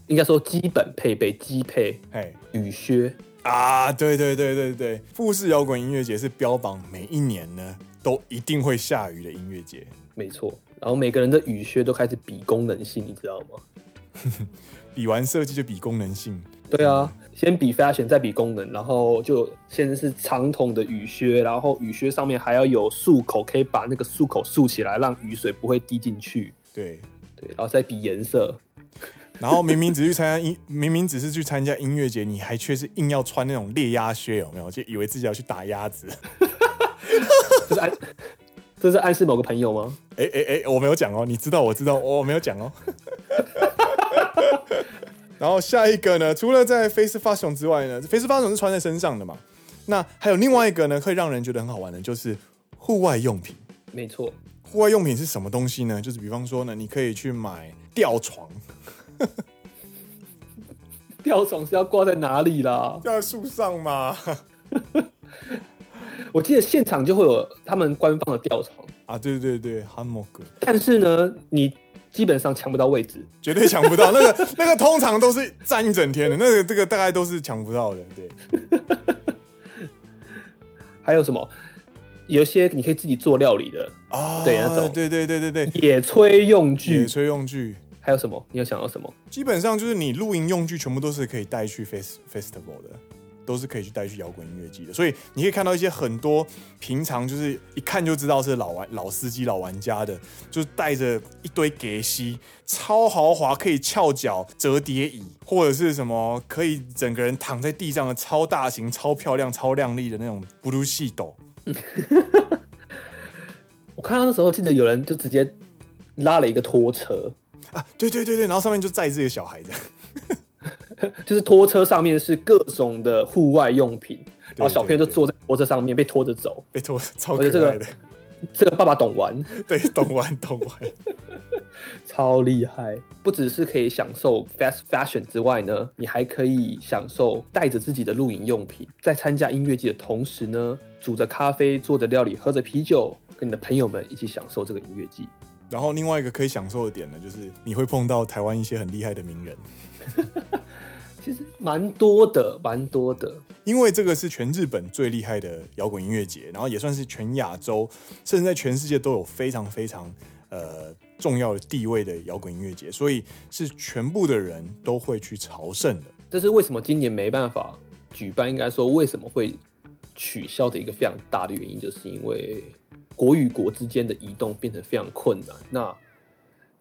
應該說基本配備、基配，哎，Hey. 雨靴啊！啊，對對對對對，富士搖滾音樂節是標榜每一年呢都一定會下雨的音樂節，沒錯。然後每個人的雨靴都開始比功能性，你知道嗎？比完設計就比功能性。對啊，嗯，先比 fashion，再比功能。然後就先是長筒的雨靴，然後雨靴上面還要有束口，可以把那個束口束起來，讓雨水不會滴進去。對對，然後再比顏色。然後明明只是參加音，明明只是去參加音樂節，你還卻是硬要穿那種獵鴨靴，有沒有？就以為自己要去打鴨子。 [LAUGHS] [LAUGHS] [LAUGHS] 這是暗示某個朋友嗎？欸欸欸，我沒有講喔，你知道我知道， [LAUGHS] 我沒有講喔。 [LAUGHS] 然後下一個呢，除了在 Face Fashion 之外呢 [LAUGHS] Face Fashion 是穿在身上的嘛？那還有另外一個呢，可以讓人覺得很好玩的，就是戶外用品。沒錯，戶外用品是什麼東西呢？就是比方說呢，你可以去買吊床。 [LAUGHS] 吊床是要掛在哪裡啦？掛在樹上嘛？ [LAUGHS] 我記得現場就會有他們官方的調查啊，對對對，哈姆哥。但是呢，你基本上搶不到位置，絕對搶不到。 [LAUGHS] 那個那個通常都是站一整天的，那個這個大概都是搶不到的。對，還有什麼？有些你可以自己做料理的啊，對那種。對對對對對，野炊用具。野炊用具。還有什麼？你有想到什麼？基本上就是你露營用具全部都是可以帶去 festival 的。都是可以去帶去搖滾音樂祭的，所以你可以看到一些很多平常就是一看就知道是老玩老司機老玩家的，就是帶着一堆隔息，超豪華可以翹腳折疊椅，或者是什麼可以整個人躺在地上的超大型、超漂亮、超亮麗的那種 blue sheet。 [LAUGHS] 我看到那時候記得有人就直接拉了一個拖車啊，對對對對，然後上面就載這些小孩的。 [LAUGHS] 就是拖車上面是各種的戶外用品，對對對對，然後小朋友就坐在拖車上面被拖着走，被拖着走超厲害的。我覺得這個這個爸爸懂玩，對，懂玩懂玩， [LAUGHS] 超厲害。不只是可以享受 fast fashion 之外呢，你還可以享受帶着自己的露營用品，在參加音樂祭的同時呢，煮着咖啡，做着料理，喝着啤酒，跟你的朋友們一起享受這個音樂祭。然後另外一個可以享受的點呢，就是你會碰到台灣一些很厲害的名人。 [LAUGHS] 其實蠻多的，蠻多的。因為這個是全日本最厲害的搖滾音樂節，然後也算是全亞洲，甚至在全世界都有非常非常呃重要的地位的搖滾音樂節，所以是全部的人都會去朝聖的。但是為什麼今年沒辦法舉辦，應該說為什麼會取消的一個非常大的原因，就是因為國與國之間的移動變得非常困難。那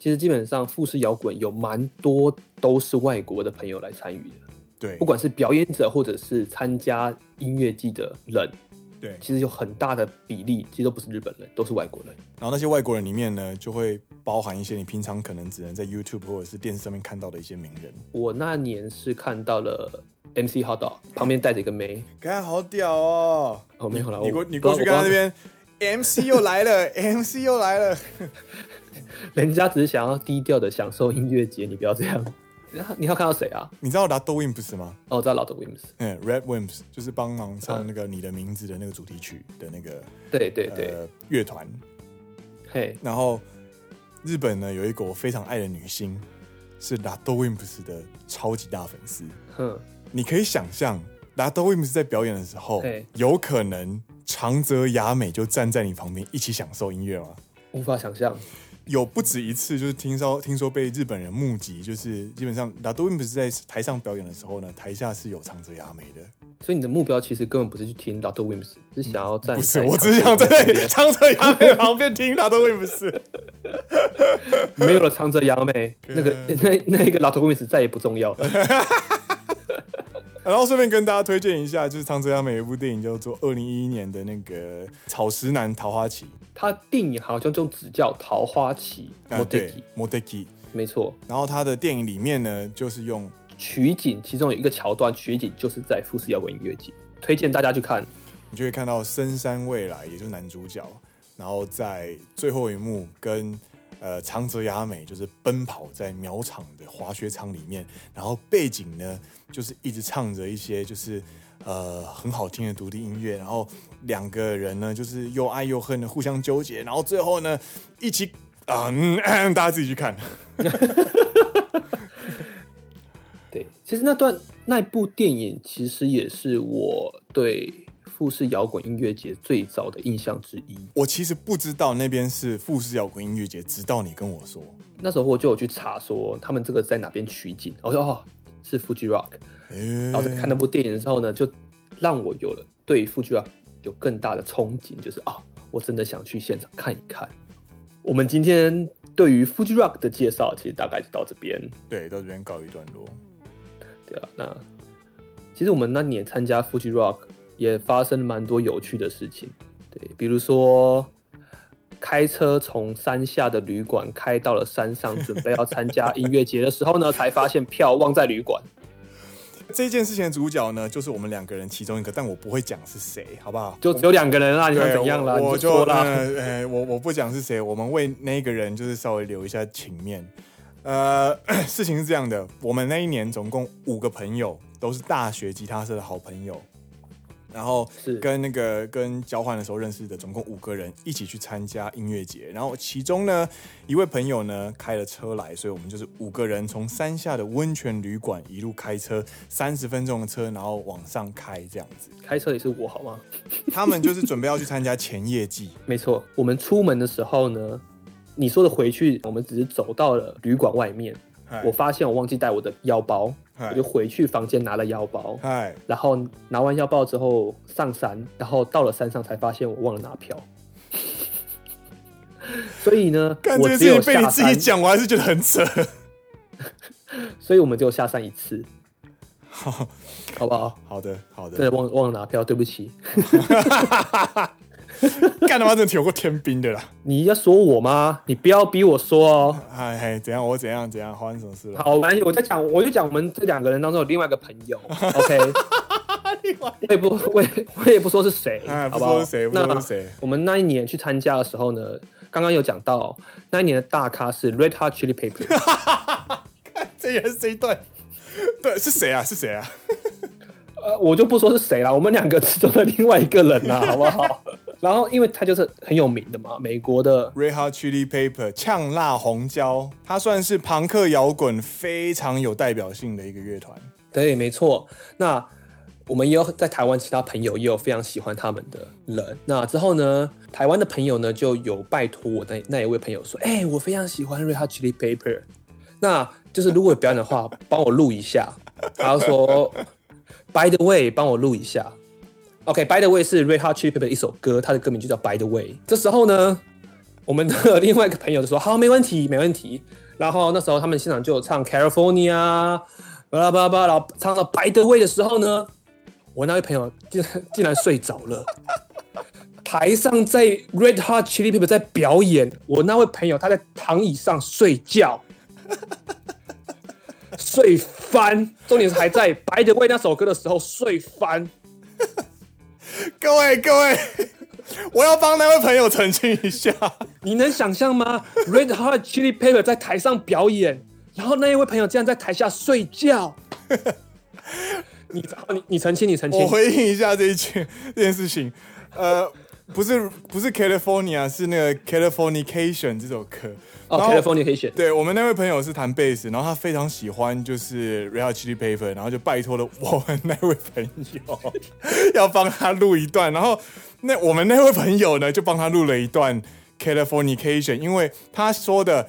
其實基本上，富士搖滾有蠻多都是外國的朋友來參與的。對，不管是表演者或者是參加音樂祭的人，對，其實有很大的比例，其實都不是日本人，都是外國人。然後那些外國人裡面呢，就會包含一些你平常可能只能在 YouTube 或者是電視上面看到的一些名人。我那年是看到了 MC Hot Dog，旁邊帶着一個妹，感覺好屌哦。哦，沒有了，你，我你過你過去剛剛那邊，MC 又來了，MC 又來了。 [LAUGHS] [LAUGHS] 人家只是想要低調的享受音樂節，你不要這樣。你要，你要看到誰啊？你知道 RADWIMPS 嗎？哦，我知道 RADWIMPS。嗯、yeah，RADWIMPS 就是幫忙唱那個《你的名字》的那個主題曲的那個、嗯、對對，對、呃、樂團。嘿 Hey，然後日本呢，有一個我非常愛的女星，是 RADWIMPS 的超級大粉絲。哼、嗯，你可以想象 RADWIMPS 在表演的時候，Hey 有可能長澤雅美就站在你旁邊一起享受音樂嗎？無法想象。有不止一次，就是聽說聽說被日本人募集，就是基本上，w 杜溫不 s 在台上表演的時候呢，台下是有長澤雅美的。所以你的目標其實根本不是去聽拉杜溫 s 是想要站、嗯。不是，我只是想在,在長澤雅美旁邊聽拉杜溫 s [LAUGHS] 沒有了長澤雅美 [LAUGHS] 那個，那個那那一個拉杜溫斯再也不重要了、 [LAUGHS] [LAUGHS] 啊。然後順便跟大家推薦一下，就是長澤雅美一部電影叫做二零一一年的那個《草食男桃花期》。他電影好像就只叫《桃花旗》，對，沒錯。然後他的電影裡面呢，就是用取景，其中有一個橋段取景就是在富士搖滾音樂節，推薦大家去看，你就會看到深山未來，也就是男主角，然後在最後一幕跟呃長澤雅美就是奔跑在苗場的滑雪場裡面，然後背景呢就是一直唱着一些就是。呃，很好聽的獨立音樂，然後兩個人呢，就是又愛又恨的互相糾結，然後最後呢，一起啊、呃，大家自己去看。 [LAUGHS] 對，其實那段那一部電影，其實也是我對富士搖滾音樂節最早的印象之一。我其實不知道那邊是富士搖滾音樂節，直到你跟我說，那時候我就有去查說他們這個在哪邊取景，我說哦，是 Fuji Rock。然後在看那部電影的時候呢，就讓我有了對於 Fuji Rock 有更大的憧憬，就是啊、哦，我真的想去現場看一看。我們今天對於 Fuji Rock 的介紹，其實大概就到這邊。對，到這邊告一段落。對啊，那其實我們那年參加 Fuji Rock 也發生了蠻多有趣的事情。對，比如說開車從山下的旅館開到了山上，準備要參加音樂節的時候呢， [LAUGHS] 才發現票忘在旅館。這件事情的主角呢，就是我們兩個人其中一個，但我不會講是誰，好不好？就只有兩個人啊，我我你會怎樣了？我就，我就……嗯、 [LAUGHS] 呃，我我不講是誰，我們為那個人就是稍微留一下情面。呃， [COUGHS] 事情是這樣的，我們那一年總共五個朋友，都是大學吉他社的好朋友。然後跟那個是跟交換的時候認識的，總共五個人一起去參加音樂節。然後其中呢，一位朋友呢開了車來，所以我們就是五個人從山下的溫泉旅館一路開車三十分鐘的車，然後往上開這樣子。開車也是我好嗎？ [LAUGHS] 他們就是準備要去參加前夜祭。沒錯，我們出門的時候呢，你說的回去，我們只是走到了旅館外面。嘿我發現我忘記帶我的腰包。我就回去房間拿了腰包，Hi. 然後拿完腰包之後上山，然後到了山上才發現我忘了拿票， [LAUGHS] 所以呢，幹我只有被你自己講，我還是覺得很扯， [LAUGHS] 所以我們只有下山一次，好，好不好？好的，好的，真的忘忘了拿票，對不起。 [LAUGHS] [LAUGHS] 幹 [LAUGHS] 他媽真的挺有過天兵的啦！你要說我嗎？你不要逼我說哦、喔。哎哎，怎樣？我怎樣？怎樣？發生什麼事了？好，玩我在講，我就講我們這兩個人當中有另外一個朋友。 [LAUGHS] OK，還我也不，我也我也不說是誰，哎、好不好？誰？那我們那一年去參加的時候呢，剛剛有講到那一年的大咖是 Red Hot Chili Peppers 看，這也是這一段，對，是誰啊？是誰啊、 [LAUGHS] 呃？我就不說是誰了，我們兩個之中的另外一個人呢，好不好？ [LAUGHS] 然後，因為他就是很有名的嘛，美國的 Red Hot Chili Pepper 嗆辣紅椒，它算是朋克搖滾非常有代表性的一個樂團。對，沒錯。那我們也有在台灣其他朋友也有非常喜歡他們的人。那之後呢，台灣的朋友呢就有拜託我那那一位朋友說：“哎、欸，我非常喜歡 Red Hot Chili Pepper，那就是如果有表演的話， [LAUGHS] 幫我錄一下。他”他說 [LAUGHS] ：“By the way，幫我錄一下。” OK，By the Way 是 Red Hot Chili Peppers 的一首歌，它的歌名就叫 By the Way。這時候呢，我們的另外一個朋友就說：“好，沒問題，沒問題。”然後那時候他們現場就有唱 California，巴拉巴拉巴拉，然後唱到 By the Way 的時候呢，我那位朋友竟竟然睡着了。 [LAUGHS] 台上在 Red Hot Chili Peppers 在表演，我那位朋友他在躺椅上睡覺， [LAUGHS] 睡翻，重點是還在 By the Way 那首歌的時候睡翻。 [LAUGHS] 各位各位，我要幫那位朋友澄清一下。你能想象嗎？Red Hot Chili Peppers 在台上表演，然後那一位朋友竟然在台下睡覺。 [LAUGHS] 你你你澄清你澄清，澄清我回應一下這一件這件事情。呃，不是不是 California，是那個 Californication 這首歌。哦，oh, California. 對，我們那位朋友是彈貝斯，然後他非常喜歡就是 real chili paper，然後就拜託了我們那位朋友 [LAUGHS] 要幫他錄一段，然後那我們那位朋友呢就幫他錄了一段 Californication 因為他說的。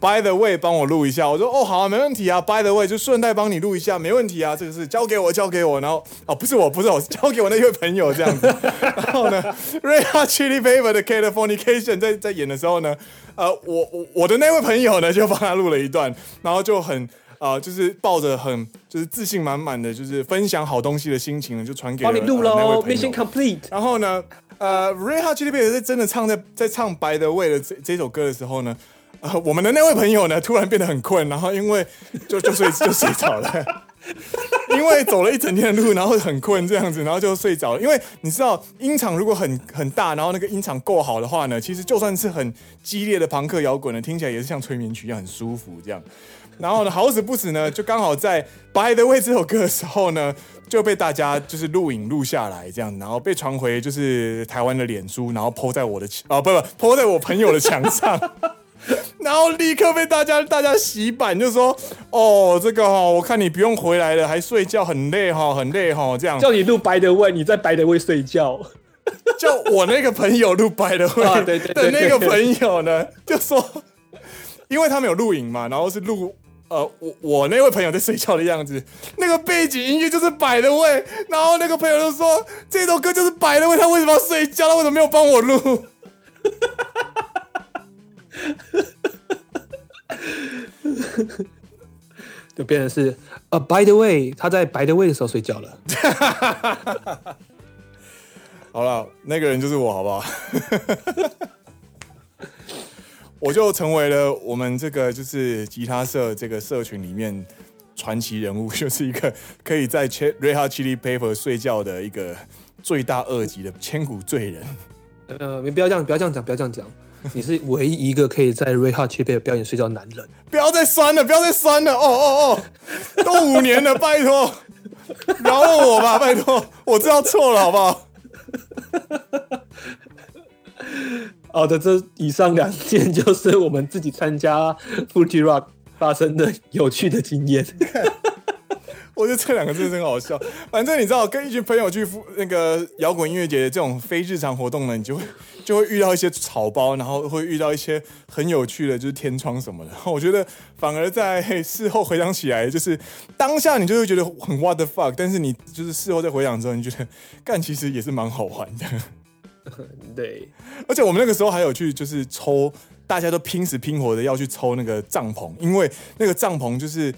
By the way，幫我錄一下。我說哦，好啊，沒問題啊。By the way，就順帶幫你錄一下，沒問題啊。這個是交給我，交給我。然後啊、哦，不是我，不是我，是交給我那位朋友 [LAUGHS] 這樣子。然後呢 [LAUGHS] ，Red Hot Chili Peppers 的 Californication 在在演的時候呢，呃，我我我的那位朋友呢就幫他錄了一段，然後就很啊、呃，就是抱着很就是自信滿滿的就是分享好東西的心情呢，就傳給幫你錄嘍，Mission complete。然後呢，呃 Red Hot Chili Peppers 是真的唱在在唱 By the way 的這這首歌的時候呢。呃、我們的那位朋友呢，突然變得很困，然後因為就就睡就睡着了。 [LAUGHS] 因為走了一整天的路，然後很困這樣子，然後就睡着了。因為你知道，音場如果很很大，然後那個音場夠好的話呢，其實就算是很激烈的朋克搖滾呢，聽起來也是像催眠曲一樣很舒服這樣。然後呢，好死不死呢，就剛好在 By the Way 這首歌的時候呢，就被大家就是錄影錄下來這樣，然後被傳回就是台灣的臉書，然後 po 在我的啊、哦、不不，po 在我朋友的牆上。然後立刻被大家大家洗版，就說哦，這個哈、哦，我看你不用回來了，還睡覺很累哈、哦，很累哈、哦，這樣叫你錄《白的位》，你在《白的位》睡覺，叫我那個朋友錄《白的位》，對對對，那個朋友呢就說，因為他們有錄影嘛，然後是錄呃我我那位朋友在睡覺的樣子，那個背景音樂就是《白的位》。然後那個朋友就說這首歌就是《白的位》，他為什麼要睡覺？他為什麼沒有幫我錄？呵呵 [LAUGHS] 就變成是呃、uh, by the way，他在 By the way 的時候睡覺了。 [LAUGHS] [LAUGHS] 好了，那個人就是我，好不好？ [LAUGHS] 我就成為了我們這個就是吉他社這個社群裡面傳奇人物，就是一個可以在《Red Hot Chili Pepper》睡覺的一個罪大惡極的千古罪人。呃，你不要這樣，不要這樣講，不要這樣講。你是唯一一個可以在 Red Hot Chili Peppers 表演睡覺的男人。不要再酸了，不要再酸了！哦哦哦，都五年了， [LAUGHS] 拜託，饒了我吧，拜託，我知道錯了，好不好？ [LAUGHS] 好的，這以上兩件就是我們自己參加 Fuji Rock 發生的有趣的經驗。我覺得這兩個字真好笑。反正你知道，跟一群朋友去那個搖滾音樂節的這種非日常活動呢，你就會就會遇到一些草包，然後會遇到一些很有趣的，就是天窗什麼的。我覺得反而在事後回想起來，就是當下你就會覺得很 What the fuck，但是你就是事後再回想之後，你覺得幹，其實也是蠻好玩的。對。而且我們那個時候還有去，就是抽，大家都拼死拼活的要去抽那個帳篷，因為那個帳篷就是。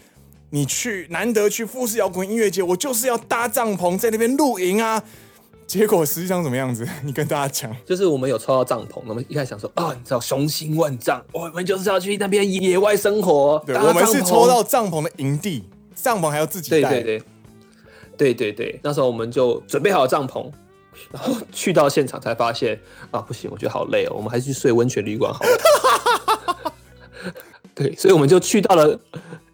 你去難得去富士搖滾音樂節，我就是要搭帳篷在那邊露營啊！結果實際上怎麼樣子？你跟大家講，就是我們有抽到帳篷，我們一開始想說啊、哦，你知道雄心萬丈，我們就是要去那邊野外生活，對我們是抽到帳篷的營地，帳篷還要自己搭，對對對，對，對，對，那時候我們就準備好了帳篷，然後去到現場才發現啊，不行，我覺得好累哦，我們還是去睡溫泉旅館好了。 [LAUGHS] 對，所以我們就去到了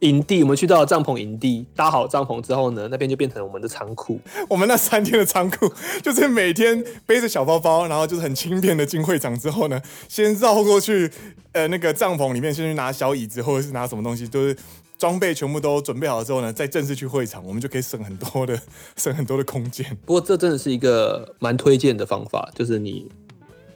營地，我們去到了帳篷營地，搭好帳篷之後呢，那邊就變成我們的倉庫。我們那三天的倉庫就是每天背着小包包，然後就是很輕便的進會場之後呢，先繞過去，呃，那個帳篷裡面先去拿小椅子或者是拿什麼東西，就是裝備全部都準備好之後呢，再正式去會場，我們就可以省很多的省很多的空間。不過這真的是一個蠻推薦的方法，就是你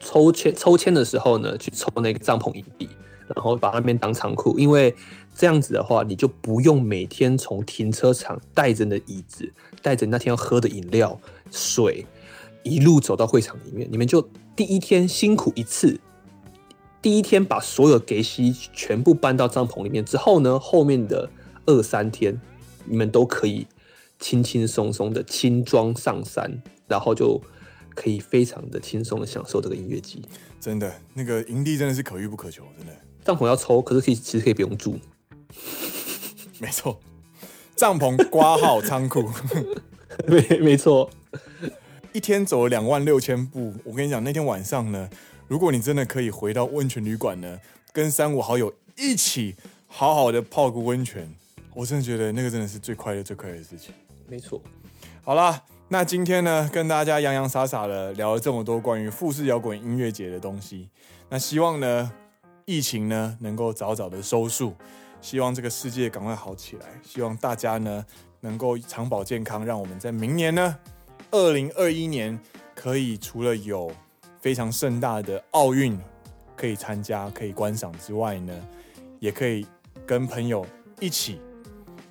抽籤抽籤的時候呢，去抽那個帳篷營地。然後把那邊當倉庫，因為這樣子的話，你就不用每天從停車場帶着你的椅子，帶着你那天要喝的飲料、水，一路走到會場裡面。你們就第一天辛苦一次，第一天把所有給息全部搬到帳篷裡面之後呢，後面的二三天你們都可以輕輕松松的輕裝上山，然後就可以非常的輕鬆的享受這個音樂祭。真的，那個營地真的是可遇不可求，真的。帳篷要抽，可是可以其實可以不用住。沒錯，帳篷掛號倉庫， [LAUGHS] 沒沒錯。一天走了兩萬六千步，我跟你講，那天晚上呢，如果你真的可以回到溫泉旅館呢，跟三五好友一起好好的泡個溫泉，我真的覺得那個真的是最快樂最快樂的事情。沒錯。好啦，那今天呢，跟大家洋洋灑灑的聊了這麼多關於富士搖滾音樂節的東西，那希望呢。疫情呢能夠早早的收束，希望這個世界趕快好起來，希望大家呢能夠長保健康，讓我們在明年呢，二零二一年可以除了有非常盛大的奧運可以參加、可以觀賞之外呢，也可以跟朋友一起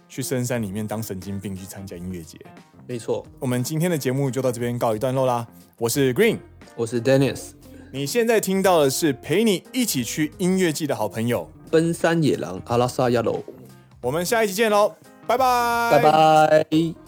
去深山裡面當神經病去參加音樂節。沒錯，我們今天的節目就到這邊告一段落啦。我是 Green，我是 Dennis 你現在聽到的是陪你一起去音樂祭的好朋友奔三野郎阿拉薩亞羅，我們下一集見嘍，拜拜拜拜。